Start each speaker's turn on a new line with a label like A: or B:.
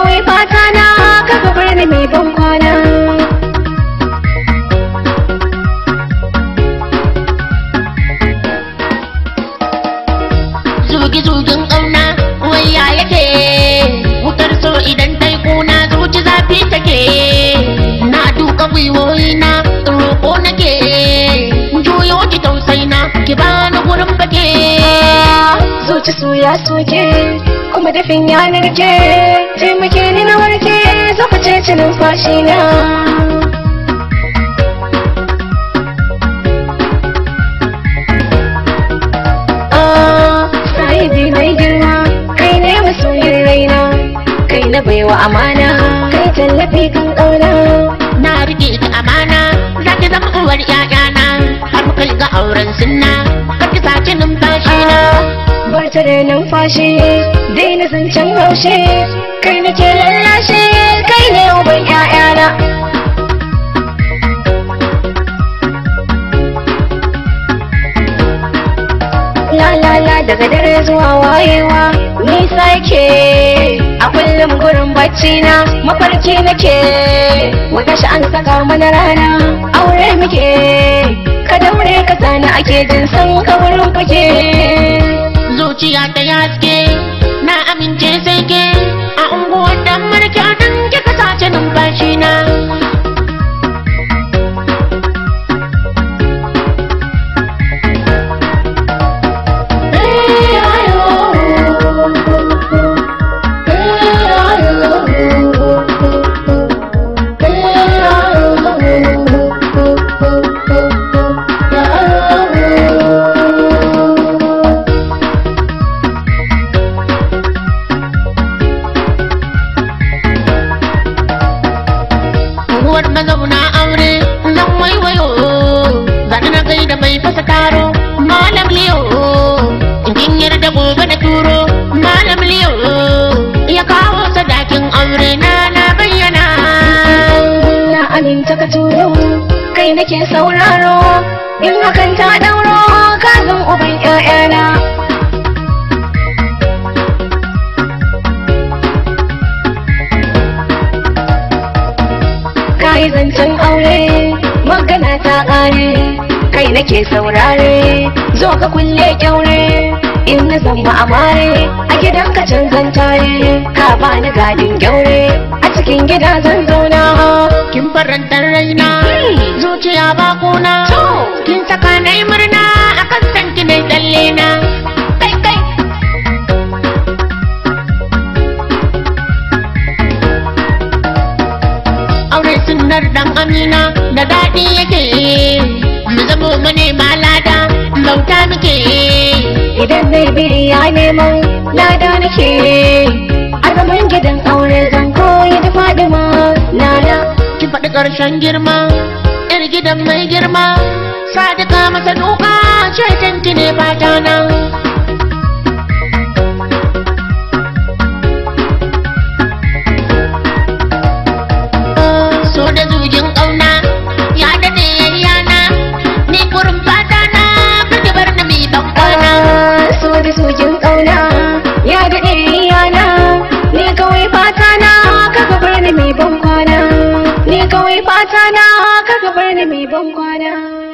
A: kawai fata na kafa birni mai ban kwana zugi-zugin ƙauna ya yake wutar so idan ta kuna zuci zafi take na duka gwiwoyi na roƙo nake juyo ki tausaina ki bani gurin bake zuci so ya soke Madafin dafin yanar ke taimake ni na warke zafi ceci numfashi na ah, sahibi girma kai ne masoyin raina kai na baiwa amana kai tallafi kan ƙauna na rike ka amana za ki zama uwar 'ya'yana har kai ga auren sunna kar ki sace numfashi na cire numfashi daina zancen haushe kai nake lallashi kai ne uban la la daga dare zuwa wayewa nisa yake a kullum gurin bacci na mafarki nake wata shi an saka mana rana aure muke ka daure ka sani ake jin san ka wurin fake zuciya ta yaske na amince sai ke unguwar na zauna aure nan waiwayo zaɗa na kai da bai fasa taro malam liyo in yarda gobe na turo malam liyo ya kawo sadakin aure na na bayyana na aminta ka turo kai nake sauraro in hakan ta ɗauro kai zancen aure magana ta ƙare kai nake saurare zo ka kulle kyaure in na zamba amare a gidan ka can zan tare ka bani gadin gyaure a cikin gida zan zauna kamar dan amina da daɗi yake mu zamo manema lada bauta muke idan zai biri ya nemo lada nake azumin gidan aure zan koyi da fadima lada ki faɗi ƙarshen girma yar gidan mai girma sadika masa duka ce ki ne fata na mata na ka ka bar ni mai ban kwana